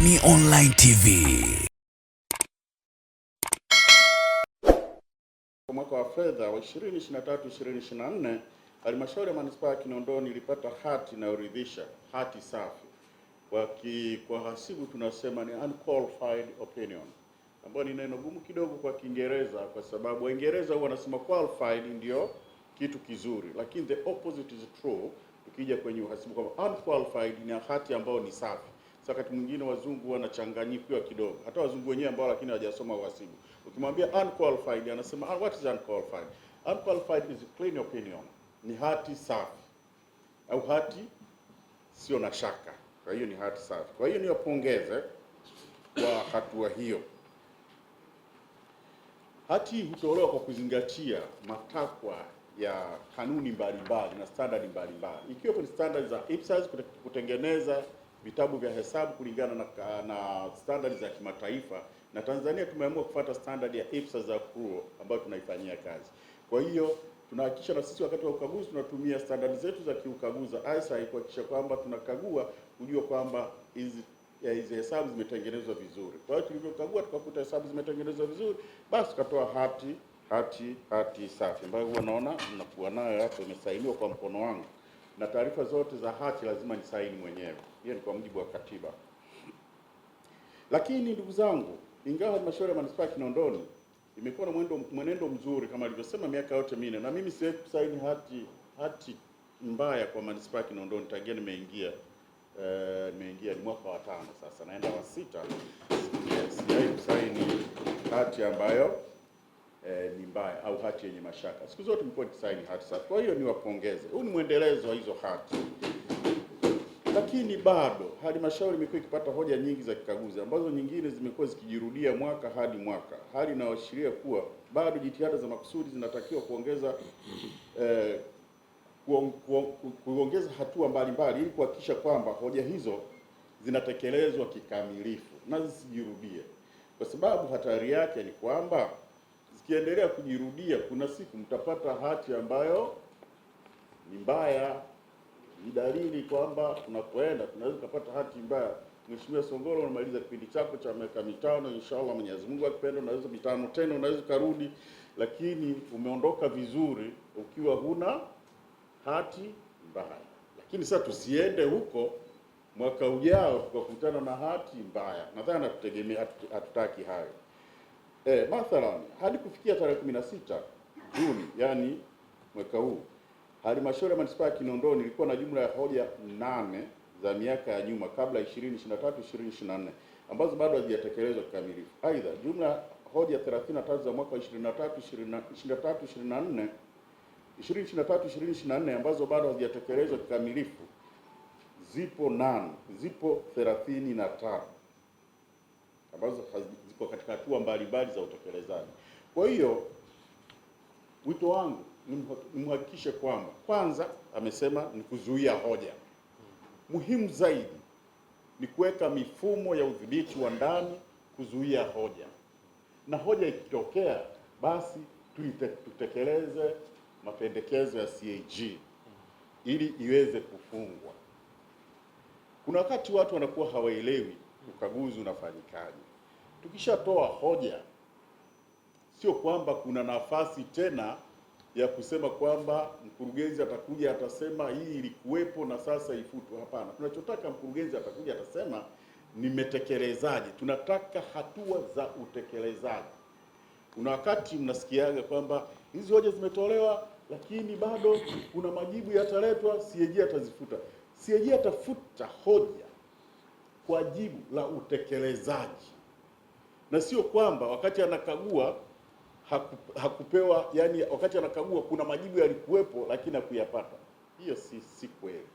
Boni Online TV. Kwa mwaka wa fedha wa 2023 2024, Halmashauri ya Manispaa ya Kinondoni ilipata hati inayoridhisha, hati safi. Kwa hasibu tunasema ni unqualified opinion, ambayo ni neno gumu kidogo kwa Kiingereza kwa sababu Waingereza huwa wanasema qualified ndio kitu kizuri, lakini the opposite is true. Tukija kwenye uhasibu kwamba unqualified ni hati ambayo ni safi wakati mwingine wazungu wanachanganyikiwa kidogo, hata wazungu wenyewe ambao lakini hawajasoma uhasibu. Ukimwambia unqualified, anasema ah, what is unqualified? Unqualified is clean opinion, ni hati safi au hati sio na shaka. Kwa hiyo ni hati safi. Kwa hiyo niwapongeze kwa hatua hiyo. Hati hutolewa kwa kuzingatia matakwa ya kanuni mbalimbali na standard mbalimbali, ikiwepo ni standard za IPSAS kutengeneza vitabu vya hesabu kulingana na, na standard za kimataifa, na Tanzania tumeamua kufuata standard ya IPSA za KUO ambayo tunaifanyia kazi. Kwa hiyo tunahakikisha na sisi wakati wa ukaguzi tunatumia standard zetu za kiukaguzi ISA kuhakikisha kwamba tunakagua kujua kwamba hizi eh, hizi hesabu zimetengenezwa vizuri. Kwa hiyo tulivyokagua tukakuta hesabu zimetengenezwa vizuri, basi tukatoa hati hati hati safi ambayo huwa naona mnakuwa nayo hapo, imesainiwa kwa mkono wangu na taarifa zote za hati lazima nisaini mwenyewe. Hiyo ni kwa mujibu wa katiba. Lakini ndugu zangu, ingawa halmashauri ya manispaa ya Kinondoni imekuwa na mwenendo, mwenendo mzuri kama alivyosema miaka yote minne, na mimi siwezi kusaini hati hati mbaya kwa manispaa ya Kinondoni tangia nimeingia eh, nimeingia ni mwaka wa tano sasa, naenda wa sita, sijai kusaini hati ambayo eh, ni mbaya au hati yenye mashaka. Siku zote mlikuwa mkisaini hati safi, kwa hiyo niwapongeze. Huu ni mwendelezo wa hizo hati, lakini bado halmashauri imekuwa ikipata hoja nyingi za kikaguzi ambazo nyingine zimekuwa zikijirudia mwaka hadi mwaka, hali inayoashiria kuwa bado jitihada za makusudi zinatakiwa kuongeza eh, kuongeza hatua mbalimbali ili kuhakikisha kwamba hoja hizo zinatekelezwa kikamilifu na zisijirudie, kwa sababu hatari yake ni kwamba zikiendelea kujirudia, kuna siku mtapata hati ambayo ni mbaya. Ni dalili kwamba tunapoenda tunaweza kupata hati mbaya. Mheshimiwa Songoro, unamaliza kipindi chako cha miaka mitano, inshallah Mwenyezi Mungu akipenda, unaweza mitano tena unaweza karudi, lakini umeondoka vizuri ukiwa huna hati mbaya. Lakini sasa tusiende huko mwaka ujao tukakutana na hati mbaya. Nadhani hatutegemea, hatutaki hayo eh, mathalan hadi kufikia tarehe 16 Juni, yani mwaka huu halmashauri ya manispaa ya Kinondoni ilikuwa na jumla ya hoja nane za miaka ya nyuma kabla 2023 2024 ambazo bado hazijatekelezwa kikamilifu. Aidha, jumla ya hoja 33 za mwaka 23 23 24 2023 2024 ambazo bado hazijatekelezwa kikamilifu zipo nane, zipo 33 ambazo ziko katika hatua mbalimbali za utekelezaji. Kwa hiyo wito wangu nimhakikishe kwamba kwanza, amesema ni kuzuia hoja. Muhimu zaidi ni kuweka mifumo ya udhibiti wa ndani kuzuia hoja, na hoja ikitokea basi tutekeleze mapendekezo ya CAG ili iweze kufungwa. Kuna wakati watu wanakuwa hawaelewi ukaguzi unafanyikaje. Tukishatoa hoja, sio kwamba kuna nafasi tena ya kusema kwamba mkurugenzi atakuja atasema hii ilikuwepo na sasa ifutwe. Hapana, tunachotaka mkurugenzi atakuja atasema nimetekelezaje. Tunataka hatua za utekelezaji. Kuna wakati mnasikiaga kwamba hizi hoja zimetolewa, lakini bado kuna majibu yataletwa, CAG atazifuta. CAG atafuta hoja kwa jibu la utekelezaji, na sio kwamba wakati anakagua hakupewa, yani wakati anakagua kuna majibu yalikuwepo lakini hakuyapata. Hiyo si si kweli.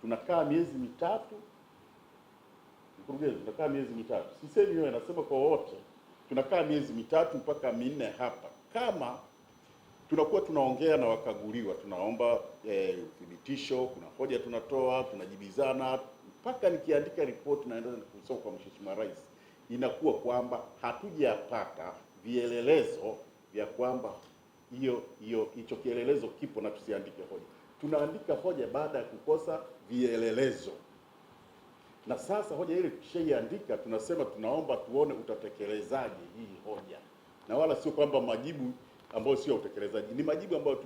Tunakaa miezi mitatu, mkurugenzi, tunakaa miezi mitatu, sisemi wewe, nasema kwa wote, tunakaa miezi mitatu mpaka minne hapa, kama tunakuwa tunaongea na wakaguliwa, tunaomba eh, uthibitisho eh, kuna hoja tunatoa, tunajibizana mpaka nikiandika ripoti naenda kusoma kwa mheshimiwa rais, inakuwa kwamba hatujapata vielelezo vya kwamba hiyo hiyo hicho kielelezo kipo na tusiandike hoja. Tunaandika hoja baada ya kukosa vielelezo, na sasa hoja ile tukishaiandika, tunasema tunaomba tuone utatekelezaje hii hoja, na wala sio kwamba majibu ambayo sio utekelezaji, ni majibu ambayo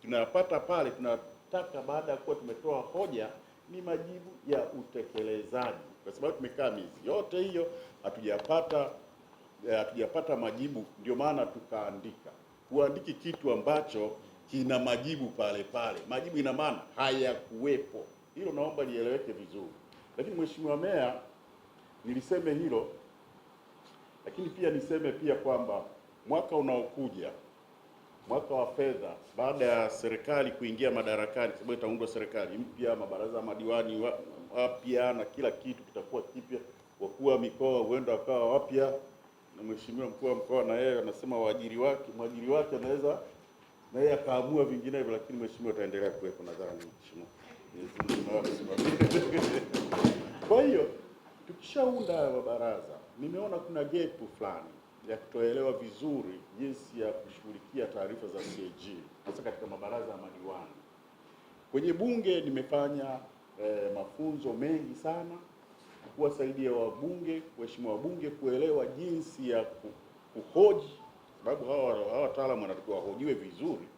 tunayapata tuna pale tunataka baada ya kuwa tumetoa hoja ni majibu ya utekelezaji, kwa sababu tumekaa miezi yote hiyo hatujapata eh, hatujapata majibu. Ndio maana tukaandika, huandiki kitu ambacho kina majibu pale pale. Majibu ina maana hayakuwepo. Hilo naomba lieleweke vizuri. Lakini mheshimiwa meya, niliseme hilo, lakini pia niseme pia kwamba mwaka unaokuja mwaka wa fedha baada ya serikali kuingia madarakani, sababu itaundwa serikali mpya, mabaraza ya madiwani wapya na kila kitu kitakuwa kipya, wakuu wa mikoa huenda wakawa wapya, na mheshimiwa mkuu wa mkoa na yeye anasema waajiri wake mwajiri wake anaweza na yeye akaamua vinginevyo, lakini mheshimiwa ataendelea kuwepo. Nadhani kwa hiyo tukishaunda mabaraza, nimeona kuna gepu fulani ya kutoelewa vizuri jinsi ya kushughulikia taarifa za CAG hasa katika mabaraza ya madiwani. Kwenye bunge nimefanya eh, mafunzo mengi sana kuwasaidia wabunge, waheshimiwa wabunge kuelewa jinsi ya kuhoji, sababu hawa wataalamu wanatakiwa wahojiwe vizuri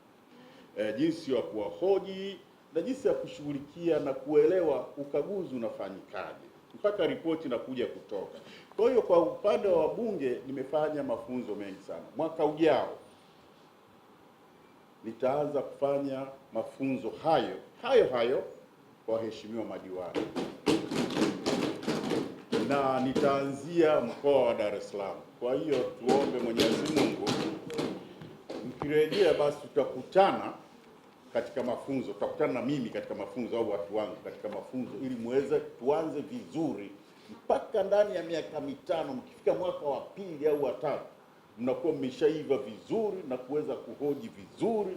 eh, jinsi ya kuwahoji na jinsi ya kushughulikia na kuelewa ukaguzi unafanyikaje mpaka ripoti inakuja kutoka. Kwa hiyo kwa upande wa Bunge nimefanya mafunzo mengi sana. Mwaka ujao nitaanza kufanya mafunzo hayo hayo hayo kwa waheshimiwa madiwani na nitaanzia mkoa wa Dar es Salaam. Kwa hiyo tuombe Mwenyezi Mungu, mkirejea basi tutakutana katika mafunzo, tutakutana na mimi katika mafunzo au watu wangu katika mafunzo, ili muweze tuanze vizuri mpaka ndani ya miaka mitano, mkifika mwaka wa pili au watatu, mnakuwa mmeshaiva vizuri na kuweza kuhoji vizuri,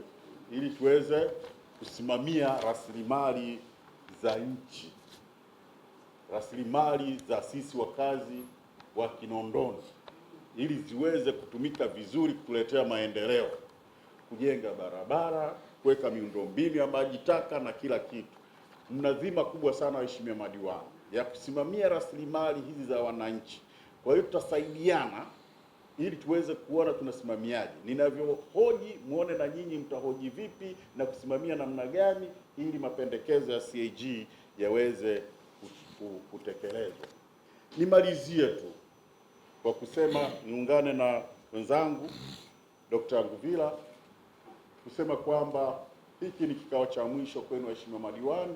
ili tuweze kusimamia rasilimali za nchi, rasilimali za sisi wakazi wa Kinondoni, ili ziweze kutumika vizuri kutuletea maendeleo, kujenga barabara, kuweka miundombinu ya maji taka na kila kitu. Mna dhima kubwa sana, waheshimiwa madiwani ya kusimamia rasilimali hizi za wananchi. Kwa hiyo tutasaidiana ili tuweze kuona tunasimamiaje. Ninavyohoji muone na nyinyi mtahoji vipi na kusimamia namna gani, ili mapendekezo ya CAG yaweze kutekelezwa. Nimalizie tu kwa kusema niungane na wenzangu Dr. Nguvila kusema kwamba hiki ni kikao cha mwisho kwenu waheshimiwa madiwani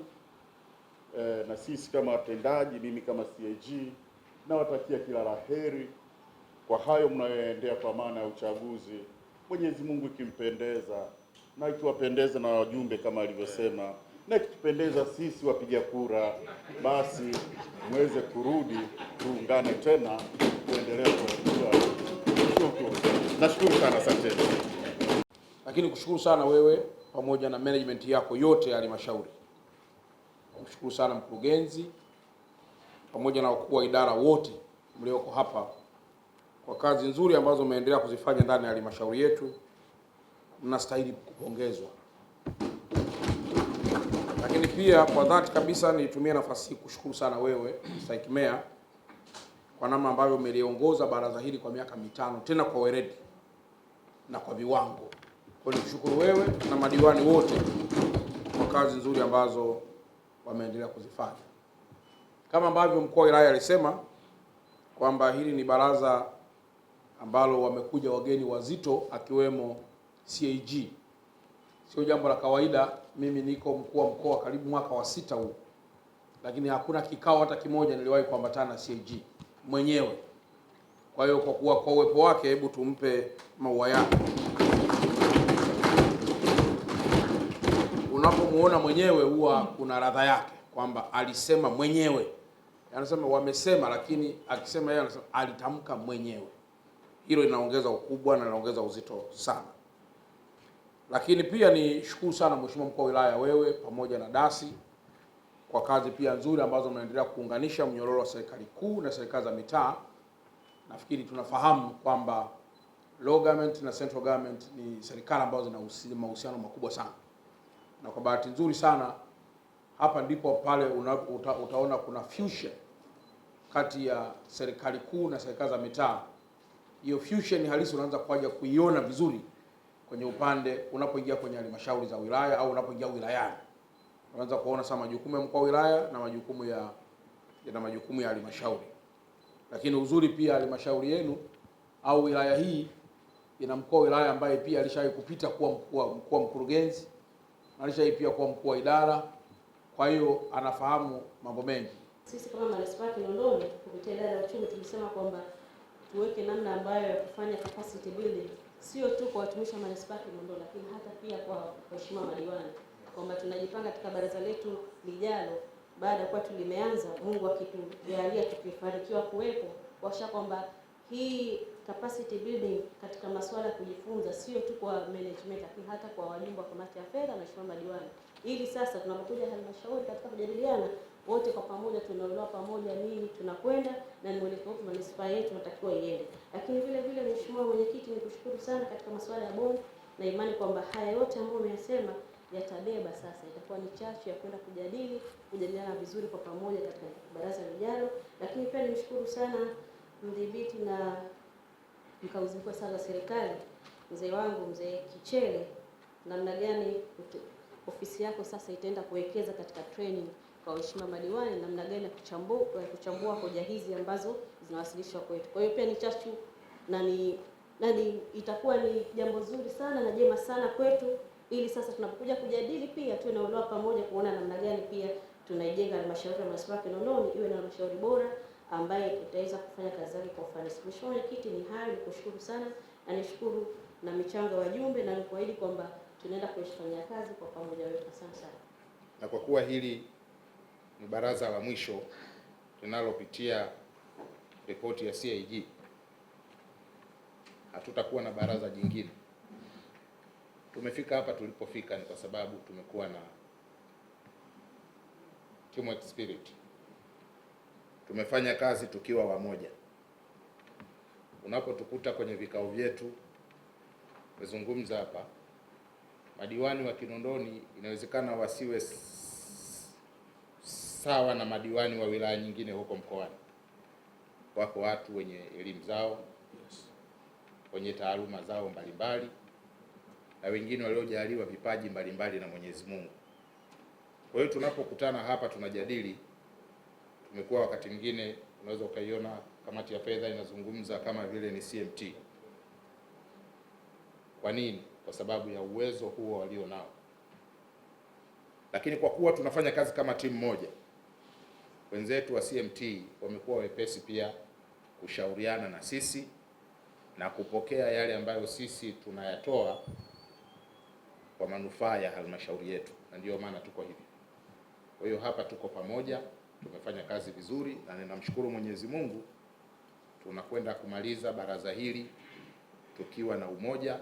e, na sisi kama watendaji, mimi kama CAG nawatakia kila laheri kwa hayo mnayoendea kwa maana ya uchaguzi. Mwenyezi Mungu ikimpendeza na ikiwapendeza na wajumbe kama alivyosema, na ikitupendeza sisi wapiga kura, basi mweze kurudi tuungane tena kuendelea Nashukuru sana, asanteni. Lakini kushukuru sana wewe pamoja na management yako yote ya halmashauri kumshukuru sana mkurugenzi pamoja na wakuu wa idara wote mlioko hapa kwa kazi nzuri ambazo mmeendelea kuzifanya ndani ya halmashauri yetu, mnastahili kupongezwa. Lakini pia kwa dhati kabisa nitumie nafasi hii kushukuru sana wewe Mstahiki Meya kwa namna ambavyo umeliongoza baraza hili kwa miaka mitano tena kwa weledi na kwa viwango. Kwa nikushukuru wewe na madiwani wote kwa kazi nzuri ambazo wameendelea kuzifanya kama ambavyo mkuu wa wilaya alisema kwamba hili ni baraza ambalo wamekuja wageni wazito akiwemo CAG. Sio jambo la kawaida. Mimi niko mkuu wa mkoa karibu mwaka wa sita huu, lakini hakuna kikao hata kimoja niliwahi kuambatana na CAG mwenyewe. Kwa hiyo kwa kuwa kwa uwepo wake, hebu tumpe maua yake. unapomuona mwenyewe huwa kuna radha yake kwamba alisema mwenyewe, anasema wamesema, lakini akisema yeye anasema alitamka mwenyewe. Hilo linaongeza ukubwa na linaongeza uzito sana. Lakini pia ni shukuru sana Mheshimiwa Mkuu wa Wilaya, wewe pamoja na dasi kwa kazi pia nzuri ambazo mnaendelea kuunganisha mnyororo wa serikali kuu na serikali za mitaa. Nafikiri tunafahamu kwamba local government na central government ni serikali ambazo zina mahusiano makubwa sana na kwa bahati nzuri sana hapa ndipo pale una, uta, utaona kuna fusion kati ya serikali kuu na serikali za mitaa. Hiyo fusion halisi unaanza kuja kuiona vizuri kwenye upande unapoingia kwenye halmashauri za wilaya au unapoingia wilayani, unaanza kuona sasa majukumu ya mkoa wa wilaya na majukumu ya na majukumu ya halmashauri. Lakini uzuri pia halmashauri yenu au wilaya hii ina mkoa wa wilaya ambaye pia alishawahi kupita kuwa mkuu mkurugenzi hii pia kuwa mkuu wa idara, kwa hiyo anafahamu mambo mengi. Sisi kama manispaa Kinondoni kupitia idara ya uchumi tulisema kwamba tuweke namna ambayo ya kufanya capacity building, sio tu kwa watumishi wa manispaa Kinondoni, lakini hata pia kwa waheshimiwa madiwani, kwamba tunajipanga katika baraza letu lijalo, baada ya kuwa tulimeanza, Mungu akitujalia tukifanikiwa kuwepo kuasha kwamba hii capacity building katika masuala ya kujifunza, sio tu kwa management, lakini hata kwa wajumbe wa kamati ya fedha na mheshimiwa madiwani, ili sasa tunapokuja halmashauri katika kujadiliana wote kwa pamoja tunaelewa pamoja nini tunakwenda na ni mwelekeo wa manispaa yetu tunatakiwa iende. Lakini vile vile, mheshimiwa mwenyekiti, nikushukuru sana katika masuala ya bodi na imani kwamba haya yote ambayo umeyasema yatabeba sasa, itakuwa ni chachu ya kwenda kujadili kujadiliana vizuri kwa pamoja katika baraza lijalo. Lakini pia nimshukuru sana mdhibiti na mkaguzi mkuu wa hesabu za serikali, mzee wangu, mzee kichele namna gani ofisi yako sasa itaenda kuwekeza katika training kwa waheshimiwa madiwani, namna gani ya kuchambua kuchambua hoja hizi ambazo zinawasilishwa kwetu. Kwa hiyo pia ni chachu na ni na ni itakuwa ni jambo zuri sana na jema sana kwetu, ili sasa tunapokuja kujadili pia tuwe na uelewa pamoja, kuona namna gani pia tunaijenga halmashauri ya manispaa Kinondoni iwe na halmashauri bora ambaye itaweza kufanya kazi yake kwa ufanisi. Mheshimiwa Mwenyekiti, ni hayo nikushukuru sana na nishukuru na michango ya wajumbe na nikuahidi kwamba tunaenda kuifanyia kazi kwa pamoja wote. Asante sana. Na kwa kuwa hili ni baraza la mwisho linalopitia ripoti ya CAG, hatutakuwa na baraza jingine. Tumefika hapa tulipofika ni kwa sababu tumekuwa na teamwork spirit tumefanya kazi tukiwa wamoja. Unapotukuta kwenye vikao vyetu, umezungumza hapa, madiwani wa Kinondoni inawezekana wasiwe sawa na madiwani wa wilaya nyingine huko mkoani. Wako watu wenye elimu zao, wenye taaluma zao mbalimbali, na wengine waliojaliwa vipaji mbalimbali na Mwenyezi Mungu. Kwa hiyo tunapokutana hapa tunajadili Umekuwa wakati mwingine unaweza ukaiona kamati ya fedha inazungumza kama vile ni CMT. Kwa nini? Kwa sababu ya uwezo huo walio nao, lakini kwa kuwa tunafanya kazi kama timu moja, wenzetu wa CMT wamekuwa wepesi pia kushauriana na sisi na kupokea yale ambayo sisi tunayatoa kwa manufaa ya halmashauri yetu, na ndiyo maana tuko hivi. Kwa hiyo hapa tuko pamoja tumefanya kazi vizuri, na ninamshukuru Mwenyezi Mungu, tunakwenda kumaliza baraza hili tukiwa na umoja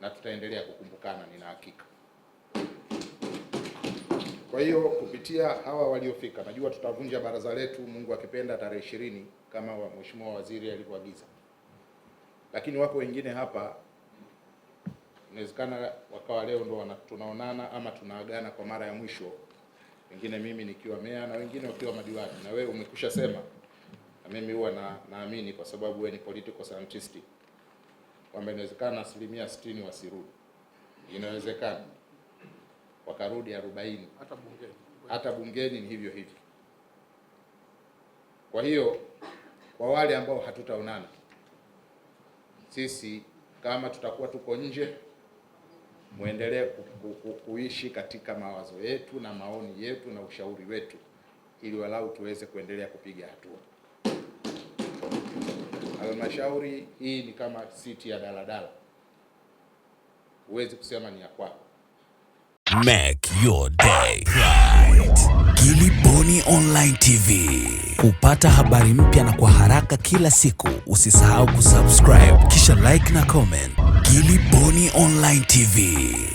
na tutaendelea kukumbukana, nina hakika. Kwa hiyo kupitia hawa waliofika, najua tutavunja baraza letu Mungu akipenda tarehe ishirini kama wa mheshimiwa waziri alivyoagiza, lakini wako wengine hapa, inawezekana wakawa leo ndo tunaonana ama tunaagana kwa mara ya mwisho wengine mimi nikiwa meya na wengine wakiwa madiwani, na wewe umekusha sema, na mimi huwa na naamini kwa sababu wewe ni political scientist kwamba inawezekana asilimia 60 wasirudi, inawezekana wakarudi arobaini, hata bungeni, hata bungeni ni hivyo hivyo. Kwa hiyo kwa wale ambao hatutaonana sisi, kama tutakuwa tuko nje muendelee kuishi katika mawazo yetu na maoni yetu na ushauri wetu, ili walau tuweze kuendelea kupiga hatua. Halmashauri hii ni kama siti ya daladala, huwezi kusema ni ya kwako. Make your day right. Gilly Bonny Online TV. Kupata habari mpya na kwa haraka kila siku, usisahau kusubscribe kisha like na comment. Gilly Bonny Online TV.